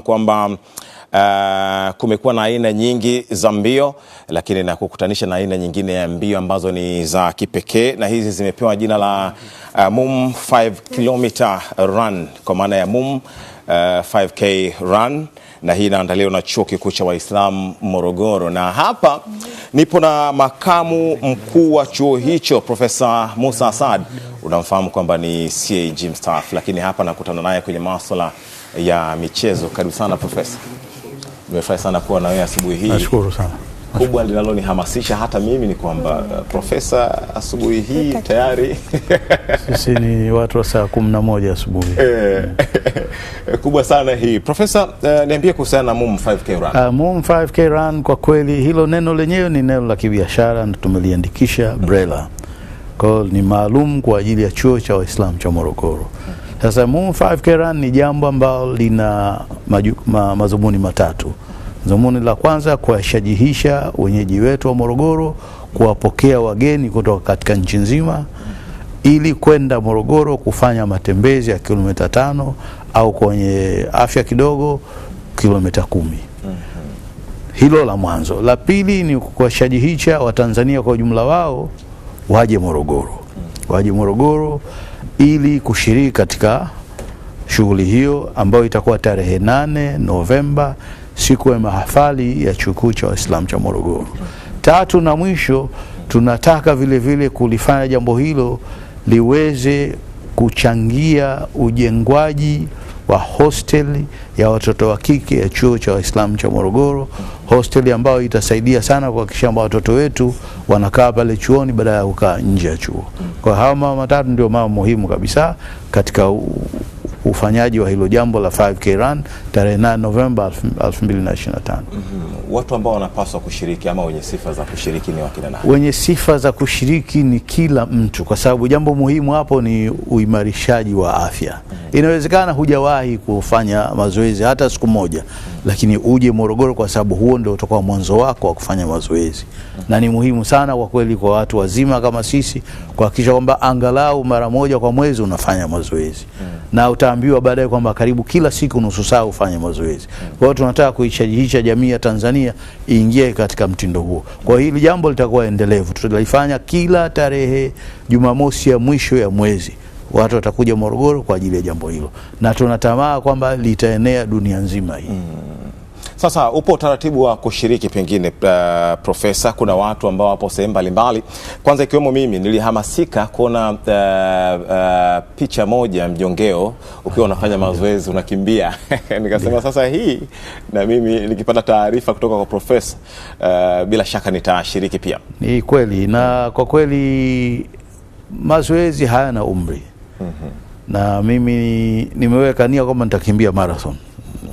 tunafahamu kwamba uh, kumekuwa na aina nyingi za mbio, lakini na kukutanisha na aina nyingine ya mbio ambazo ni za kipekee, na hizi zimepewa jina la uh, MUM 5 km run kwa maana ya MUM uh, 5k run na hii inaandaliwa na Chuo Kikuu cha Waislamu Morogoro, na hapa nipo na makamu mkuu wa chuo hicho Profesa Musa Asad. Unamfahamu kwamba ni CAG mstaafu, lakini hapa nakutana naye kwenye masuala ya michezo. Karibu sana Profesa, nimefurahi sana kuwa na wewe asubuhi hii. Nashukuru sana kubwa linalonihamasisha hata mimi ni kwamba uh, Profesa asubuhi hii tayari sisi ni watu wa saa kumi na moja asubuhi eh, kubwa sana hii Profesa, uh, niambie kuhusiana na MUM 5K Run. Uh, MUM 5K Run kwa kweli hilo neno lenyewe ni neno la kibiashara na tumeliandikisha BRELA, kwao ni maalum kwa ajili ya chuo cha Waislamu cha Morogoro. Sasa MUM 5K Run ni jambo ambalo lina ma, mazumuni matatu Dhumuni la kwanza kuwashajihisha wenyeji wetu wa Morogoro, kuwapokea wageni kutoka katika nchi nzima ili kwenda Morogoro kufanya matembezi ya kilomita tano au kwenye afya kidogo kilomita kumi. Hilo la mwanzo. La pili ni kuwashajihisha Watanzania kwa ujumla wao waje Morogoro, waje Morogoro ili kushiriki katika shughuli hiyo ambayo itakuwa tarehe nane Novemba siku ya mahafali ya chukuu cha Waislamu cha Morogoro. Tatu na mwisho, tunataka vile vile kulifanya jambo hilo liweze kuchangia ujengwaji wa hosteli ya watoto wa kike ya chuo cha Waislamu cha Morogoro, hosteli ambayo itasaidia sana kuhakikisha kwamba watoto wetu wanakaa pale chuoni badala ya kukaa nje ya chuo. Kwa hayo mama matatu ndio mama muhimu kabisa katika ufanyaji wa hilo jambo la 5K run tarehe 8 Novemba 2025. Mhm. Watu ambao wanapaswa kushiriki ama wenye sifa za kushiriki ni wakina nani? Wenye sifa za kushiriki ni kila mtu, kwa sababu jambo muhimu hapo ni uimarishaji wa afya. Mhm. Inawezekana hujawahi kufanya mazoezi hata siku moja, lakini uje Morogoro, kwa sababu huo ndio utakuwa mwanzo wako wa kufanya mazoezi, mhm. na ni muhimu sana kwa kweli kwa watu wazima kama sisi kuhakikisha kwamba angalau mara moja kwa mwezi unafanya mazoezi, na utaambiwa baadaye kwamba karibu kila siku nusu saa kufanya mazoezi. Kwa hiyo tunataka kuishajihisha jamii ya Tanzania iingie katika mtindo huo. Kwa hiyo hili jambo litakuwa endelevu, tutalifanya kila tarehe Jumamosi ya mwisho ya mwezi watu watakuja Morogoro kwa ajili ya jambo hilo, na tunatamaa kwamba litaenea dunia nzima hii mm. Sasa upo utaratibu wa kushiriki pengine, uh, Profesa, kuna watu ambao wapo sehemu mbalimbali, kwanza ikiwemo mimi nilihamasika kuona uh, uh, picha moja mjongeo ukiwa unafanya mazoezi unakimbia nikasema sasa hii na mimi nikipata taarifa kutoka kwa Profesa uh, bila shaka nitashiriki pia. Ni kweli na kwa kweli mazoezi hayana umri. mm -hmm. Na mimi nimeweka nia kwamba nitakimbia marathon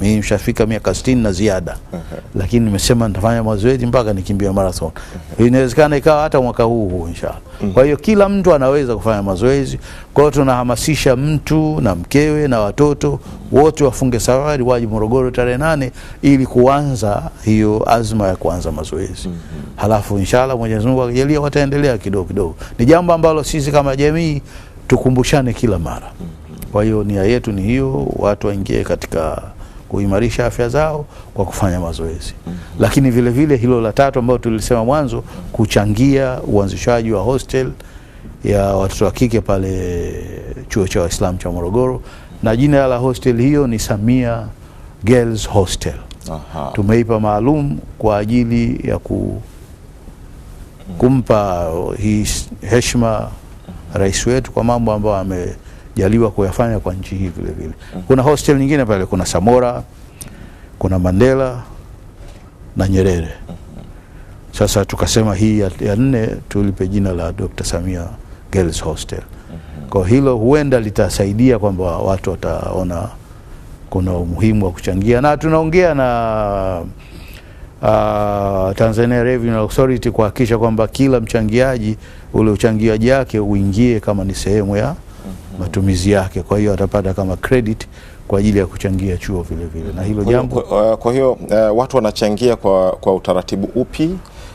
mimi nishafika miaka 60 na ziada uh -huh. Lakini nimesema nitafanya mazoezi mpaka nikimbie marathon uh -huh. Inawezekana ikawa hata mwaka huu huu inshallah uh mm-hmm. -huh. Kwa hiyo kila mtu anaweza kufanya mazoezi. Kwa hiyo tunahamasisha mtu na mkewe na watoto wote wafunge safari waje Morogoro tarehe nane ili kuanza hiyo azma ya kuanza mazoezi uh mm-hmm. -huh. Halafu inshallah Mwenyezi Mungu akijalia wataendelea kidogo kidogo. Ni jambo ambalo sisi kama jamii tukumbushane kila mara uh mm-hmm. -huh. Kwa hiyo nia yetu ni hiyo, watu waingie katika kuimarisha afya zao kwa kufanya mazoezi mm -hmm. Lakini vile vile hilo la tatu ambalo tulisema mwanzo, kuchangia uanzishaji wa hostel ya watoto wa kike pale chuo cha Waislamu cha Morogoro, na jina la hostel hiyo ni Samia Girls Hostel. Aha. Tumeipa maalum kwa ajili ya ku, kumpa hii heshima rais wetu kwa mambo ambayo ame tumejaliwa kuyafanya kwa nchi hii vile vile. Kuna hostel nyingine pale, kuna Samora, kuna Mandela na Nyerere. Sasa tukasema hii ya, ya nne tulipe jina la Dr. Samia Girls Hostel. Kwa hilo huenda litasaidia kwamba watu wataona kuna umuhimu wa kuchangia, na tunaongea na Uh, Tanzania Revenue Authority kuhakikisha kwamba kila mchangiaji ule uchangiaji wake uingie kama ni sehemu ya matumizi yake, kwa hiyo atapata kama credit kwa ajili ya kuchangia chuo vile vile na hilo jambo. Uh, kwa hiyo uh, watu wanachangia kwa, kwa utaratibu upi?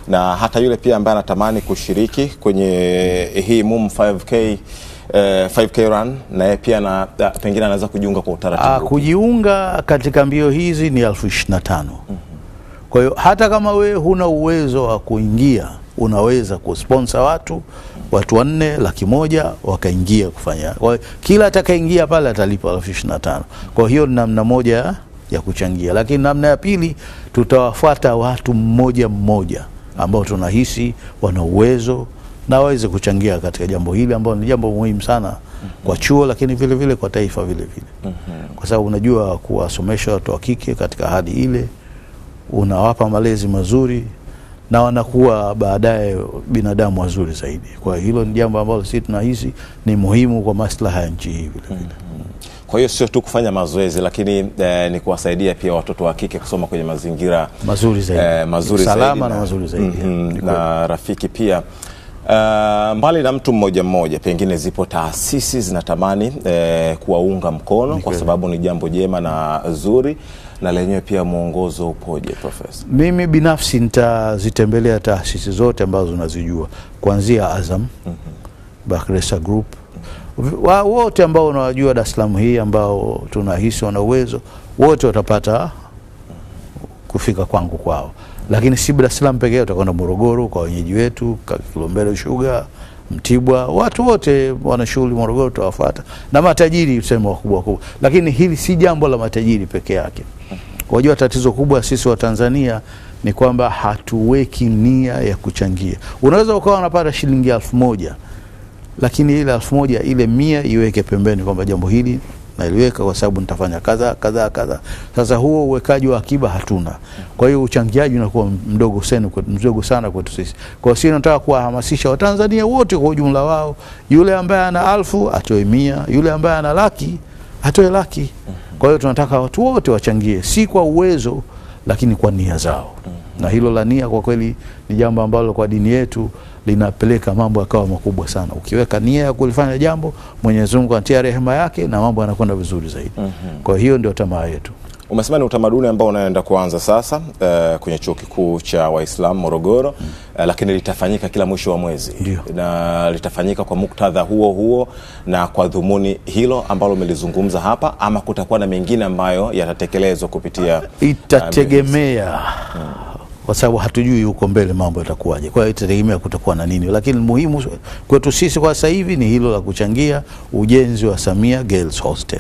Na hata yule pia ambaye anatamani kushiriki kwenye hii MUM 5K Uh, 5K run yeye pia na, uh, pengine anaweza kujiunga kwa utaratibu. Ah, kujiunga katika mbio hizi ni elfu ishirini na tano. Mm -hmm. Kwa hiyo hata kama wewe huna uwezo wa kuingia, unaweza kusponsor watu watu wanne laki moja wakaingia kufanya. Kwa kila atakaingia pale atalipa elfu ishirini na tano. Kwa hiyo namna moja ya kuchangia, lakini namna ya pili tutawafuata watu mmoja mmoja ambao tunahisi wana uwezo na waweze kuchangia katika jambo hili ambalo ni jambo muhimu sana kwa chuo lakini vile vile kwa taifa vile vile mhm. kwa sababu unajua kuwasomesha watu wa kike katika hali ile unawapa malezi mazuri na wanakuwa baadaye binadamu wazuri zaidi. Kwa hilo ni jambo ambalo sisi tunahisi ni muhimu kwa maslaha ya nchi hii vile vile. Mm -hmm. Kwa hiyo sio tu kufanya mazoezi lakini eh, ni kuwasaidia pia watoto wa kike kusoma kwenye mazingira mazuri zaidi, eh, mazuri salama zaidi na, na mazuri zaidi mm -hmm, na rafiki pia Uh, mbali na mtu mmoja mmoja, pengine zipo taasisi zinatamani eh, kuwaunga mkono Nikwe, kwa sababu ni jambo jema na zuri na lenyewe pia mwongozo upoje, Profesa? Mimi binafsi nitazitembelea taasisi zote ambazo nazijua kuanzia Azam, mm -hmm. Bakresa Group wa, wote ambao unawajua Dar es Salaam hii ambao tunahisi wana uwezo wote watapata kufika kwangu kwao, lakini si Dar es Salaam pekee, utakwenda Morogoro kwa wenyeji wetu Kilombero Sugar Mtibwa, watu wote wana shughuli Morogoro, tutawafuata na matajiri useme wakubwa wakubwa, lakini hili si jambo la matajiri peke yake. Wajua, tatizo kubwa sisi wa Tanzania ni kwamba hatuweki nia ya kuchangia. Unaweza ukawa unapata shilingi elfu moja lakini ile elfu moja ile mia iweke pembeni kwamba jambo hili naliweka kwa sababu nitafanya kadha kadha kadha. Sasa huo uwekaji wa akiba hatuna, kwa hiyo uchangiaji unakuwa mdogo sana mdogo sana kwetu sisi. Kwa hiyo sisi nataka kuwahamasisha Watanzania wote kwa ujumla wao, yule ambaye ana alfu atoe mia, yule ambaye ana laki atoe laki. Kwa hiyo tunataka watu wote wachangie, si kwa uwezo lakini kwa nia zao mm -hmm. na hilo la nia kwa kweli ni jambo ambalo kwa dini yetu linapeleka mambo yakawa makubwa sana. Ukiweka nia ya kulifanya jambo, Mwenyezi Mungu anatia rehema yake na mambo yanakwenda vizuri zaidi. mm -hmm. kwa hiyo ndio tamaa yetu. Umesema ni utamaduni ambao unaenda kuanza sasa uh, kwenye chuo kikuu cha Waislamu Morogoro mm. uh, lakini litafanyika kila mwisho wa mwezi Dio. na litafanyika kwa muktadha huo huo na kwa dhumuni hilo ambalo umelizungumza hapa, ama kutakuwa na mengine ambayo yatatekelezwa kupitia itategemea uh, kwa sababu hatujui huko mbele mambo yatakuwaje. Kwa hiyo itategemea kutakuwa na nini, lakini muhimu kwetu sisi kwa sasa hivi ni hilo la kuchangia ujenzi wa Samia Girls Hostel.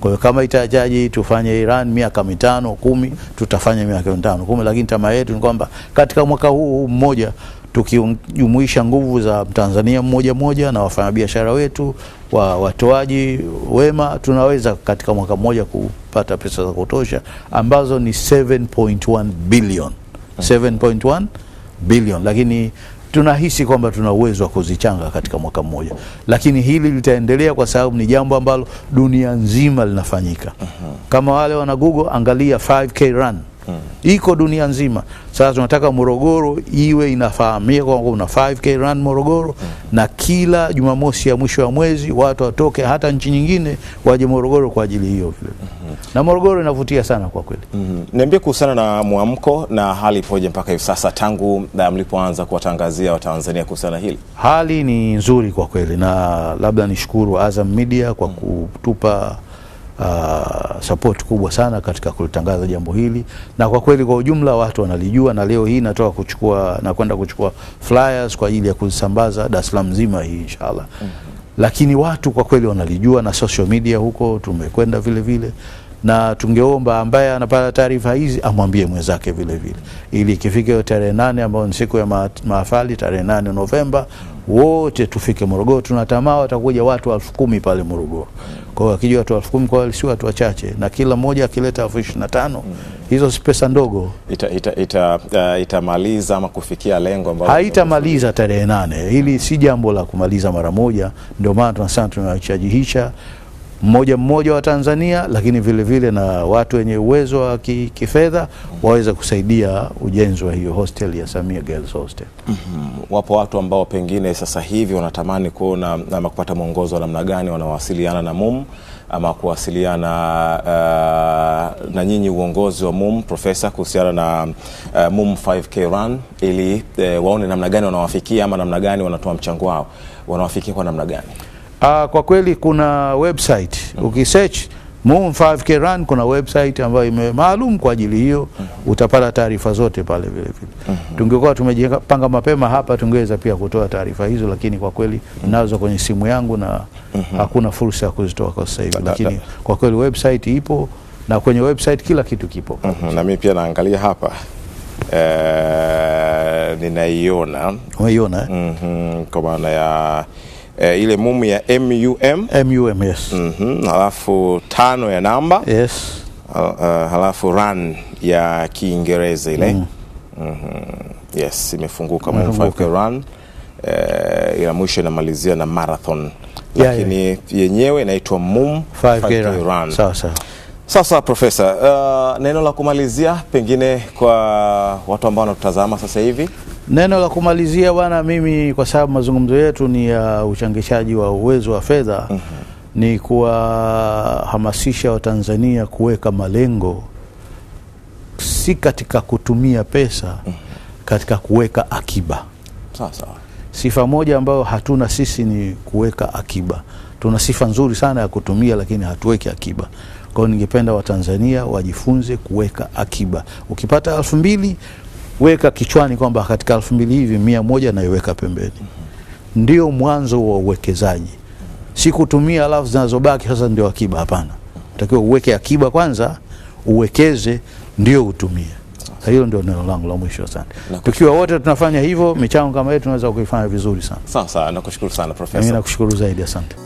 Kwa hiyo kama itahitaji tufanye Iran miaka mitano kumi, tutafanya miaka mitano kumi, lakini tamaa yetu ni kwamba katika mwaka huu mmoja tukijumuisha nguvu za Mtanzania mmoja mmoja na wafanyabiashara wetu wa watoaji wema, tunaweza katika mwaka mmoja kupata pesa za kutosha ambazo ni 7.1 bilioni 7.1 billion, lakini tunahisi kwamba tuna uwezo wa kuzichanga katika mwaka mmoja, lakini hili litaendelea kwa sababu ni jambo ambalo dunia nzima linafanyika. Kama wale wana Google, angalia 5K run mm. iko dunia nzima. Sasa tunataka Morogoro iwe inafahamika kwamba una 5K run Morogoro mm. na kila Jumamosi ya mwisho wa mwezi watu watoke hata nchi nyingine waje Morogoro kwa ajili hiyo vile mm -hmm. na Morogoro inavutia sana kwa kweli mm -hmm. Niambie kuhusiana na mwamko na hali ipoje mpaka hivi sasa tangu eh, mlipoanza kuwatangazia Watanzania kuhusiana hili? Hali ni nzuri kwa kweli, na labda nishukuru Azam Media kwa mm. kutupa uh, support kubwa sana katika kulitangaza jambo hili, na kwa kweli kwa ujumla watu wanalijua, na leo hii natoka kuchukua na kwenda kuchukua flyers kwa ajili ya kusambaza Dar es Salaam nzima hii inshallah. mm -hmm. Lakini watu kwa kweli wanalijua, na social media huko tumekwenda vile vile na tungeomba ambaye anapata taarifa hizi amwambie mwenzake vile vile, ili ikifika hiyo tarehe nane ambayo ni siku ya mahafali tarehe nane Novemba wote tufike Morogoro. Tunatamaa watakuja watu elfu kumi pale Morogoro. Kwa hiyo akija watu elfu kumi kwa si watu wachache, na kila mmoja akileta elfu ishirini na tano mm. hizo si pesa ndogo, itamaliza ita, ita, ita uh, ama kufikia lengo ambalo haitamaliza tarehe nane. Hili si jambo la kumaliza mara moja, ndio maana tunasema tunachajihisha mmoja mmoja wa Tanzania, lakini vile vile na watu wenye uwezo wa kifedha waweza kusaidia ujenzi wa hiyo hostel ya Samia Girls Hostel. Mm -hmm. Wapo watu ambao pengine sasa hivi wanatamani kuona ama kupata mwongozo wa namna gani wanawasiliana na MUM ama kuwasiliana uh, na nyinyi uongozi wa MUM Profesa, kuhusiana na uh, MUM 5K Run ili uh, waone namna gani wanawafikia ama namna gani wanatoa mchango wao, wanawafikia kwa namna gani? Uh, kwa kweli kuna website ukisearch Moon 5K Run, kuna website ambayo ime maalum kwa ajili hiyo, utapata taarifa zote pale vile vile. Tungekuwa tumejipanga mapema hapa, tungeweza pia kutoa taarifa hizo, lakini kwa kweli nazo kwenye simu yangu na hakuna fursa ya kuzitoa kwa sasa hivi, lakini kwa kweli website ipo na kwenye website kila kitu kipo. Mhm, na mimi pia naangalia hapa eh, ninaiona unaiona eh? mm kwa maana ya E, ile mumu ya MUM MUM, yes. mm -hmm. Halafu tano ya namba yes. uh, Halafu run ya Kiingereza ile mm. mm -hmm. yes, imefunguka mm -hmm. 5k run e, ila mwisho inamalizia na marathon lakini yeah, yeah. yenyewe inaitwa MUM 5k run. Sawa sawa. Sasa profesa, uh, neno la kumalizia pengine kwa watu ambao wanatutazama sasa hivi Neno la kumalizia bwana, mimi kwa sababu mazungumzo yetu ni ya uh, uchangishaji wa uwezo wa fedha mm -hmm. ni kuwahamasisha Watanzania kuweka malengo, si katika kutumia pesa mm -hmm. katika kuweka akiba. Sasa sifa moja ambayo hatuna sisi ni kuweka akiba. Tuna sifa nzuri sana ya kutumia, lakini hatuweki akiba. Kwa hiyo ningependa Watanzania wajifunze kuweka akiba. Ukipata elfu mbili weka kichwani kwamba katika elfu mbili hivi mia moja naiweka pembeni. Ndio mwanzo wa uwekezaji, si kutumia alafu zinazobaki sasa ndio akiba. Hapana, takiwa uweke akiba kwanza, uwekeze ndio utumie. Hilo ndio neno langu la mwisho. Asante. Tukiwa wote tunafanya hivyo, michango kama yetu tunaweza kuifanya vizuri sana. Sawa sawa, nakushukuru sana profesa. Mimi nakushukuru zaidi, asante.